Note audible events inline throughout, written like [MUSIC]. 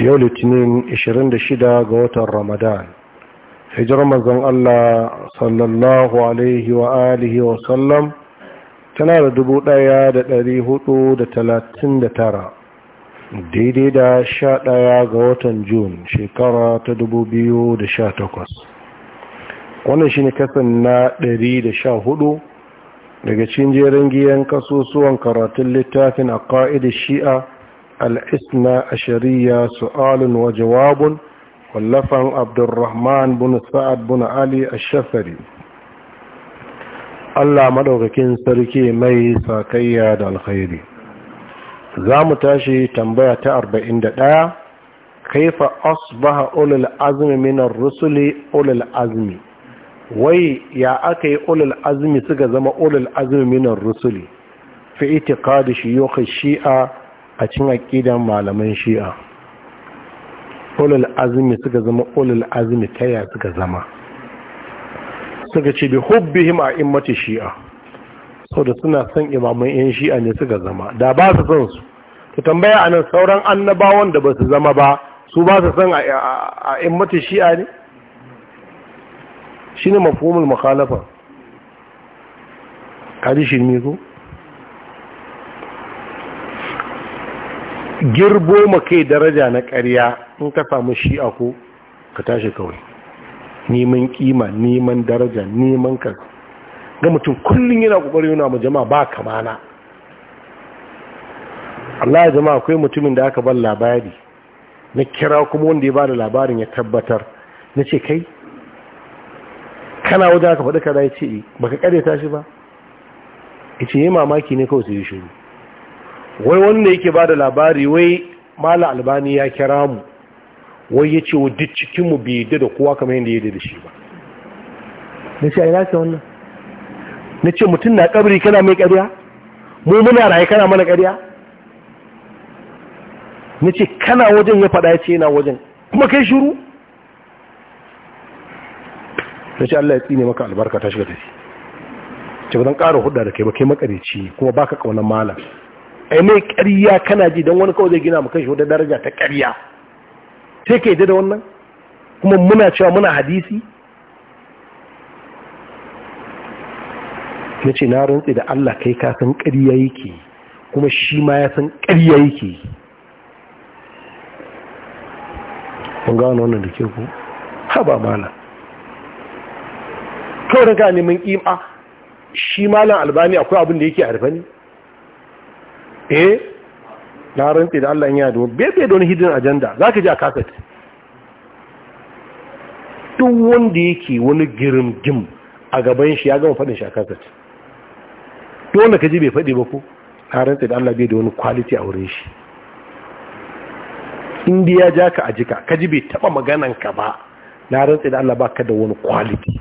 yau litinin 26 ga watan ramadan hijirar mazan allah sallallahu alaihi wa alihi wa sallam tana da dubu ɗaya da ɗari hudu da talatin da tara daidai da sha ɗaya ga watan Jun shekara ta dubu biyu da sha takwas wannan shi ne kasan na ɗari da sha hudu daga cikin jerin giyan kasusuwan karatun littafin a ka'idar shi'a al'isna a shari'a su'alun wa jawabun wallafan abdurrahman bin sa'ad bin ali a shafari allah maɗaukakin sarki mai sakayya da alkhairi za mu tashi tambaya ta arba'in da ɗaya. kaifa asbaha ulul azmi minar rusuli ulul azmi wai ya aka yi ulul azmi suka zama ulul azmi minar rusuli fi itiqadi shuyukh shi'a a cin aƙidan malaman shi'a ƙulul azumi suka zama ƙulul azumi ta ya suka zama suka ce bi hubbihim a immati shi'a sau da suna son imaman yan shi'a ne suka zama da ba su son su ta tambaya a nan sauran annabawan da ba su zama ba su ba su son a immati shi'a ne shi ne mafumul makhalafa kaji shirmi ko girbo ma kai daraja na ƙarya in ka samu shi a ko ka tashi kawai neman kima neman daraja neman ka ga mutum kullum yana kokari yana mu jama'a ba kamana Allah ya jama'a akwai mutumin da aka ban labari na kira kuma wanda ya ba da labarin ya tabbatar na ce kai kana wajen aka faɗi kada ya ce eh. baka ƙarya tashi ba ya ce yi mamaki ne kawai su yi shiru wai wanda yake ba da labari wai mala albani ya kira mu wai ya ce duk cikinmu bai yadda da kowa kamar yadda yadda da shi ba na ce a ina ce wannan na ce mutum na kabri kana mai karya mu muna raye kana mana karya na ce kana wajen ya fada ya ce yana wajen kuma kai shuru na ce Allah ya tsine maka albarka ta shiga tafi ce ba zan ƙara hudda da kai ba kai makarici kuma baka kaunar malam ai mai ƙarya kana ji don wani kawai zai gina maka shi wata daraja ta ƙarya sai ka yi da wannan kuma muna cewa muna hadisi na ce na rantsi da Allah kai ka san ƙarya yake kuma shi ma ya san ƙarya yake kun gano wannan da ke ku ha ba mana kawai daga neman ƙima shi malam albani akwai abin da yake a ne eh na rantse da Allah ya domin bebe don hidden agenda za ka ji a kafet duk wanda yake wani girgim a gaban shi ya gama faɗin shi a kafet duk wanda ka ji bai faɗi ba ko na rantse da Allah bai da wani quality a wurin shi inda ya ja ka a jika ka ji bai taɓa maganan ka ba na rantse da Allah ba ka da wani quality.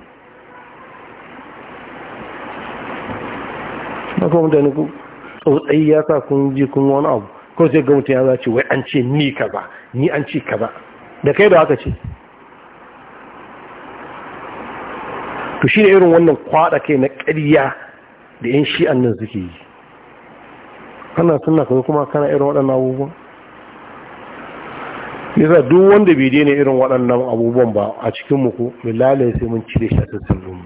kuma mutane ku tsautsayi ya sa kun ji kun wani abu ko sai mutum ya ce wai an ce ni kaza ni an ce kaza da kai ba haka ce to shi ne irin wannan kwada kai na ƙarya da yin shi nan suke yi kana suna kai kuma kana irin waɗannan abubuwan yasa duk wanda bai daina irin waɗannan abubuwan ba a cikin muku mai milalai sai mun cire shi a sassan mu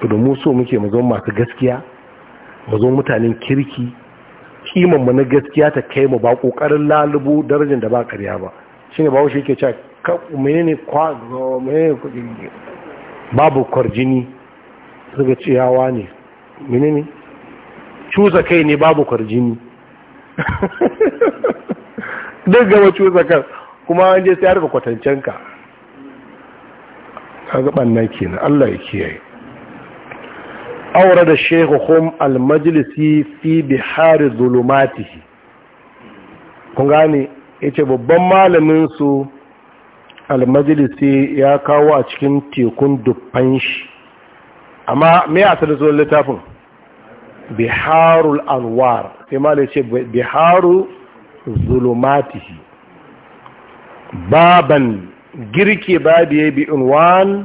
to da mu so muke mu zama masu gaskiya mu zo mutanen kirki kiman mu na gaskiya ta kai mu ba kokarin lalubo darajar da ba karya ba shine bawo shi yake cewa ka menene kwa menene babu kwarjini daga ciyawa ne menene cuza kai ne babu kwarjini [LAUGHS] duk gaba cuza kan kuma an je sai harka kwatancen ka ka ga bannan kenan Allah ya kiyaye aure da shekuhun almajalisi fi bihari zulumatihi kun gane yace babban malamin su almajalisi ya kawo a cikin tekun dubban shi amma me a zuwan littafin biharul anwar sai malai ce biharu zulumatihi baban girke babiye bi unwan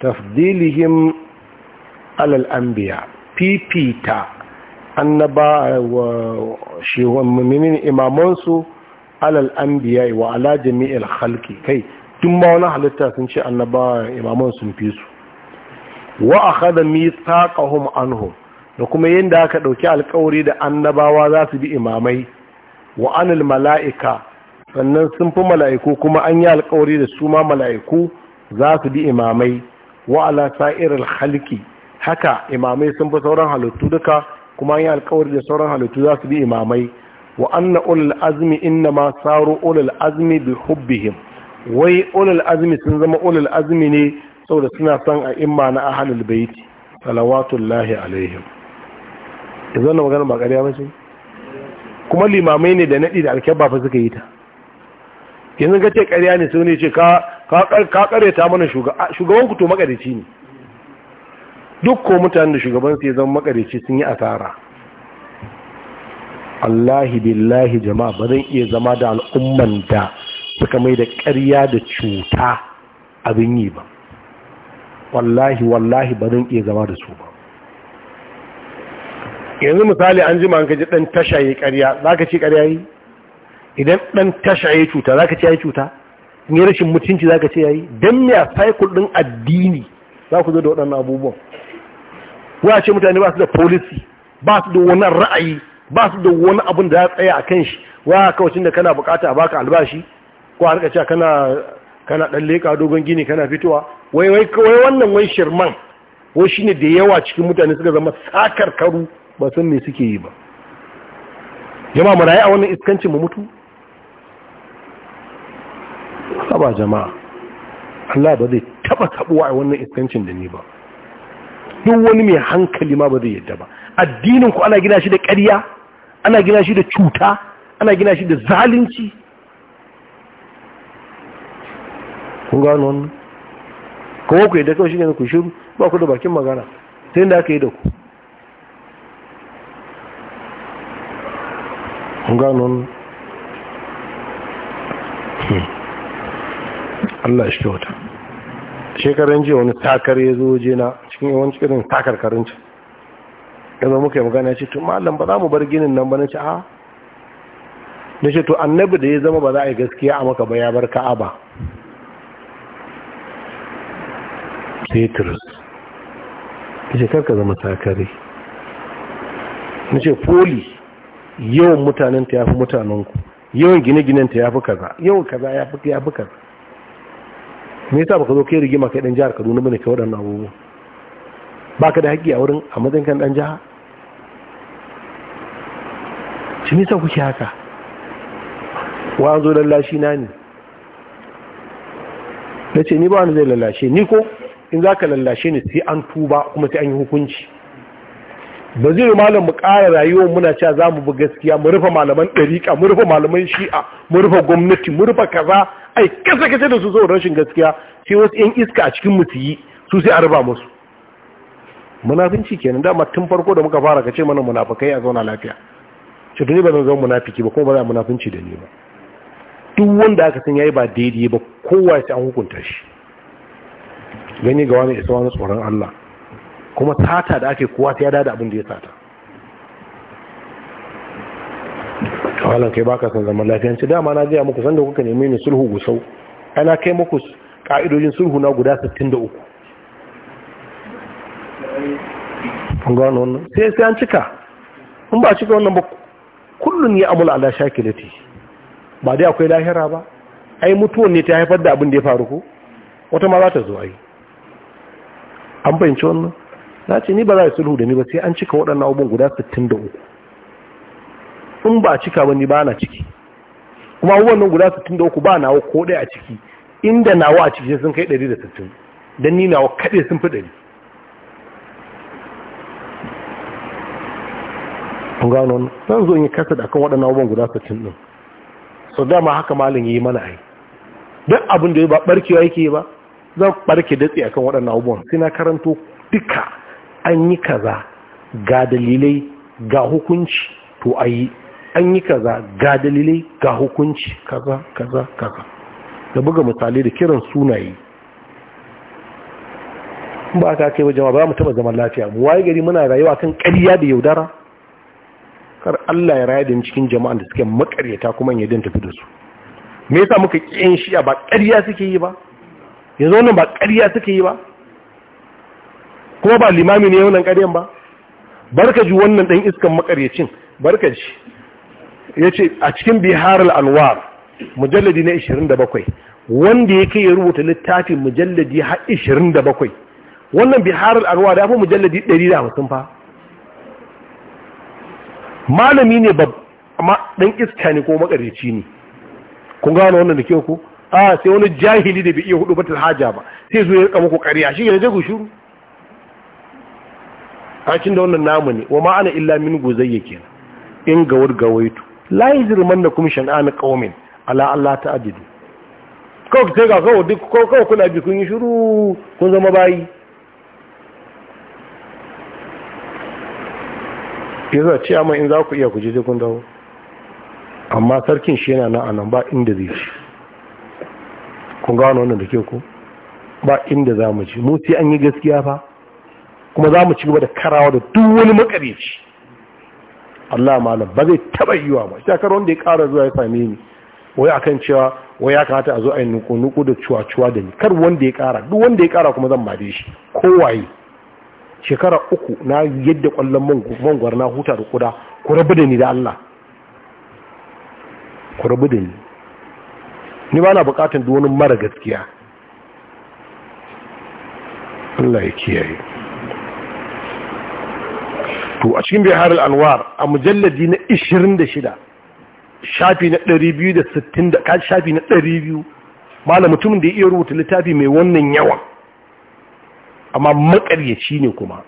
tafdilihim alal anbiya fifita annaba wa shehunan imamansu alal anbiya wa ala jami'il khalqi kai tun ma wani halitta sun ce annaba imaman sun fi su wa akhadha mithaqahum anhum da kuma yanda aka ɗauki alkawari da annabawa za su bi imamai wa anil mala'ika sannan sun fi mala'iku kuma an yi alkawari da su ma mala'iku za su bi imamai wa ala sa'iril halki haka imamai sun fi sauran halittu duka kuma yi alkawari da sauran halittu za su bi imamai wa anna ulul azmi inna ma saru ulul azmi bi hubbihim wai ulul azmi sun zama ulul azmi ne saboda suna son a imma na ahlul baiti salawatullahi alaihim yanzu na magana ba ƙarya kuma limamai ne da nadi da alkyabba fa suka yi ta yanzu ga ce ƙarya ne sun ne ce ka ka ta mana shugaban ku to makarici ne duk ko mutanen da shugaban su ya zama makareci sun yi asara Allahi billahi jama'a ba zan iya zama da al'umman da suka mai da ƙarya da cuta abin yi ba wallahi wallahi ba zan iya zama da su ba yanzu misali an jima an kaji ɗan tasha ya ƙarya za ka ce ƙarya yi idan ɗan tasha ya cuta za ka ce ya yi cuta in yi rashin mutunci za ka ce ya yi don me a saikul ɗin addini za ku zo da waɗannan abubuwan wa ce mutane ba su da policy ba su da wani ra'ayi ba su da wani abin da ya tsaya a kan shi wa kawacin da kana bukata a baka albashi ko a rikaci kana kana dan leka dogon gini kana fitowa wai wai wai wannan wai shirman wai shine da yawa cikin mutane suka zama sakar karu ba san me suke yi ba jama'a mu rayu a wannan iskancin mu mutu ba jama'a Allah ba zai taba kabuwa a wannan iskancin da ni ba duk wani mai hankali ma ba zai yadda ba addinin ku ana gina shi da ƙarya ana gina shi da cuta ana gina shi da zalunci kun gano wannan kuma ku yadda kawai shi ne ku shiru ba ku da bakin magana sai da aka yi da ku kun gano wannan Allah shi kyauta shekaran jiya wani takar ya zo na. cikin yawanci cikin takar karinci yanzu muka yi magana ce to malam ba za mu bar ginin nan ba na ce a na ce to annabi da ya zama ba za a yi gaskiya a maka ba ya bar ba. petrus ya ce karka zama takare na ce foli yawan mutanenta ya fi mutanenku yawan gine-ginenta ya fi kaza yawan kaza ya fi kaza me yasa baka zo kai rigima kai dan jihar Kaduna bane kai waɗannan abubuwa baka da haƙƙi a wurin a matsayin kan dan jiha shi me kuke haka wa an zo lallashi na ne na ce ni ba wani zai lalashe ni ko in za ka lallashe ni sai an tuba kuma sai an yi hukunci ba zai yi malam mu ƙara rayuwa muna cewa za mu bi gaskiya mu rufe malaman ɗariƙa mu rufe malaman shi'a mu rufe gwamnati mu rufe kaza ai kasa kace da su zo rashin gaskiya sai wasu yan iska a cikin mutu yi su sai a raba musu munafinci kenan dama tun farko da muka fara kace mana munafikai a zauna lafiya ce ne ba zan zama munafiki ba kuma ba za munafinci da ni ba duk wanda aka san yayi ba daidai ba kowa sai an hukunta shi gani ga wani isa wani tsoron Allah kuma sata da ake kowa ta yada da abin da ya sata kawalan kai baka san zaman lafiya ci dama na jiya muku san da kuka nemi ne sulhu gusau ana kai muku ka'idojin sulhu na guda 63 kun gano wannan sai sai an cika in ba cika wannan ba kullun ya amul ala shakilati ba dai akwai lahira ba ai mutuwan ne ta haifar da abin da ya faru ko wata ma za ta zo ai an fahimci wannan na ce ni ba za a sulhu da ni ba sai an cika waɗannan abubuwan guda 63 sun ba cika ba ni ba na ciki kuma wannan guda 63 ba nawa ko ɗaya a ciki inda nawa a ciki sun kai 160 don ni nawa kaɗai sun fi ɗari kun gano wannan zan zo in yi kasa da akan waɗannan abubuwan guda 60 ɗin so dama haka malin yi mana ai duk abin da ya ba barkewa yake ba zan barke datse akan waɗannan abubuwan sai na karanto duka an yi kaza ga dalilai ga hukunci to a yi an yi kaza ga dalilai ga hukunci kaza kaza kaza da buga misali da kiran sunaye ba ka kai wajen ba mu taba zaman lafiya mu waye gari muna rayuwa kan ƙarya da yaudara kar Allah ya raya da cikin jama'an da suke makaryata kuma ya tafi da su me yasa muka kiyan shi ba ƙarya suke yi ba yanzu wannan ba ƙarya suke yi ba kuma ba limami ne wannan ƙaryan ba barka ji wannan dan iskan makaryacin barka ji ya ce a cikin bihar al'anwar mujalladi na 27 wanda ya kai ya rubuta littafin mujalladi har 27 wannan bihar al'anwar ya fi mujalladi 150 fa malami ne ba ɗan iska ne ko makarici ne kun gano wannan da ku a sai wani jahili da bai iya hudu batar haja ba sai zuwa ya rika muku kariya shi ne zai ku shuru a cikin da wannan namu ne wa ma'ana illa min gozayya kenan in gawar gawaitu la da kuma shan'an qaumin ala Allah ta'dilu kawai sai ga kawai duk kawai kuna bi kun yi shiru kun zama bayi yasa ce amma in za ku iya kuje sai kun dawo amma sarkin shi yana nan anan ba inda zai ci kun gano wannan da ke ku ba inda za mu ci mu sai an yi gaskiya fa kuma za mu ci gaba da karawa da duk wani makareci Allah malam ba zai taba wa ba shi kar wanda ya kara zuwa ya same ni wai akan cewa wai ya kamata a zo a yi nuku nuku da cuwa cuwa da ni kar wanda ya ƙara duk wanda ya kara kuma zan mare shi kowaye shekara uku na yadda kwallon mangwar na huta da kuda ku rabu da ni da Allah ku rabu da ni ni ba na bukatan duk wani mara gaskiya Allah ya kiyaye to a cikin bihar al'anwar a mujalladi na 26 shafi na 260 ka shafi na 200 da mutumin da ya iya rubuta littafi mai wannan yawan amma makaryaci ne kuma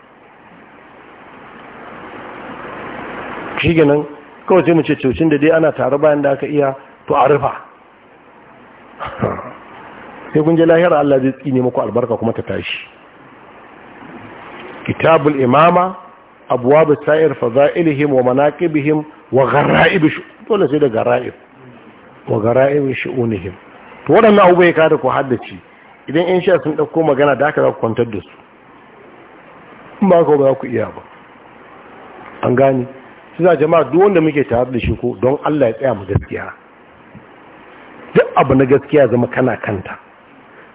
shi ganin kawai sai mu ce cocin da dai ana tare bayan da aka iya to a rufa [LAUGHS] sai kun je lahira Allah zai tsine muku albarka kuma ta tashi kitabul imama abwabu sa'ir fadailihim wa manaƙibihim wa gharaib dole sai da gharaib wa gharaib shu'unihim to wadannan abubai ka kada ku haddaci, idan 'yan sha sun ɗauko magana da aka za ku kwantar da su in ba ka ba ku iya ba an gani su za jama'a duk wanda muke tare da shi ko don Allah ya tsaya mu gaskiya duk abu na gaskiya zama kana kanta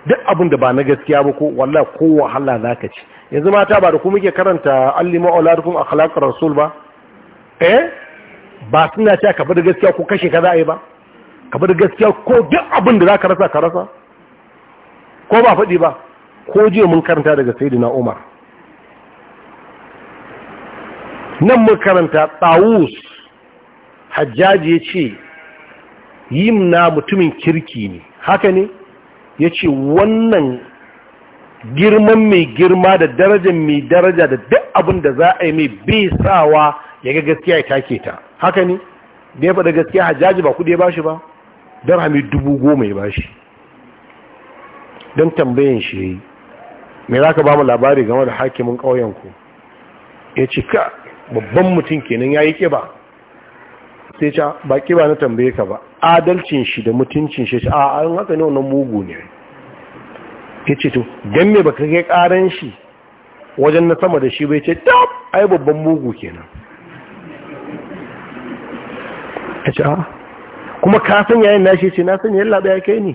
duk abin da ba na gaskiya ba ko wallahi ko wahala zaka ci yanzu mata ba da ku muke karanta allima a akhlaq rasul ba eh ba suna cewa ka bar gaskiya ko kashe ka za a yi ba ka gaskiya ko duk abin da za ka rasa ka rasa ko ba faɗi ba ko jiya mun karanta daga na, umar nan mun karanta tawus hajjaji ya ce na mutumin kirki ne haka ne ya ce wannan girman mai girma da darajar mai daraja da duk abin da za a yi mai bai ya ga gaskiya ya take ta haka ne da ya faɗa gaskiya hajjaji ba kuɗi ya bashi ba hami dubu goma ya bashi don tambayin shi ya yi me za ka ba mu labari game da hakimin ƙauyenku ya ci ka babban mutum kenan ya yi ƙiba sai ce ba ƙiba na tambaye ka ba adalcin shi da mutuncin shi a an haka ne wannan mugu ne ya ce to don me baka kai karan shi wajen na sama da shi bai ce tab ai babban mugu kenan ya ce a kuma ka san yayin nashi ce na san yalla ya kai ni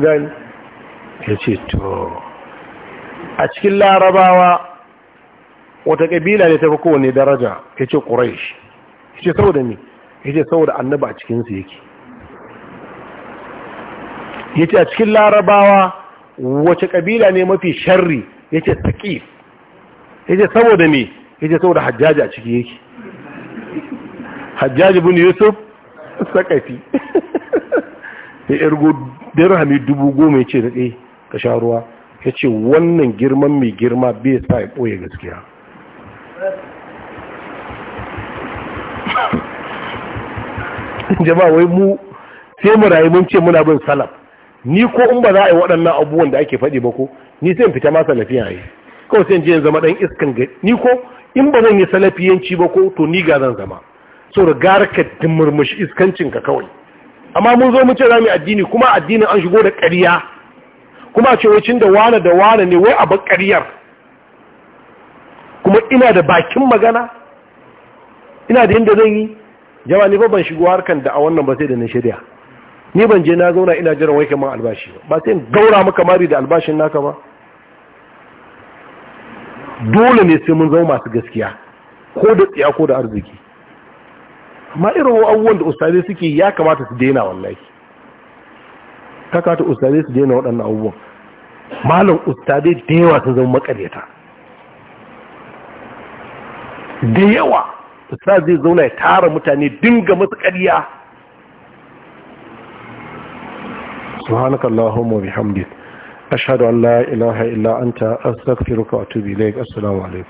gani ya ce to a cikin larabawa wata ƙabila ne ta fi kowane daraja ya ce ƙuraish ya ce saboda ne yace saboda annaba a cikinsu yake yace a cikin larabawa wace kabila ne mafi sharri yace saqif yace saboda me yace saboda hajjaji a ciki yake hajjaji bin yusuf sakafi ya ergo dirhami dubu goma ya ce da ɗaya ka sha ruwa ya ce wannan girman mai girma bai sa ya ɓoye gaskiya [LAUGHS] jama'a wai mu sai mu rayu mun ce muna bin salaf ni ko in ba za a yi waɗannan abubuwan da ake faɗi ba ko ni sai in fita ma a yi kawai sai in je zama ɗan iskan gari ni ko in ba zan yi salafiyanci ba ko to ni ga zan zama so da gara ka murmushi iskancin ka kawai amma mun zo mun ce yi addini kuma addinin an shigo da ƙarya kuma ce wai da wane da wane ne wai abin ƙaryar kuma ina da bakin magana ina da yadda zan yi jama ni ban shigo harkan da a wannan ba sai da na shirya ni ban je na zauna ina jiran wai kamar albashi ba sai gaura maka mari da albashin naka ba dole ne sai mun zama masu gaskiya ko da tsiya ko da arziki amma irin abubuwan da ustazai suke ya kamata su daina wallahi kakata ustazai su daina waɗannan abubuwan malam ustazai da yawa sun zama makaryata da yawa ustaz zai zauna ya tara mutane dinga masu ƙarya subhanaka allahumma bihamdik ashhadu an la ilaha illa anta astaghfiruka wa atubu ilaik assalamu alaikum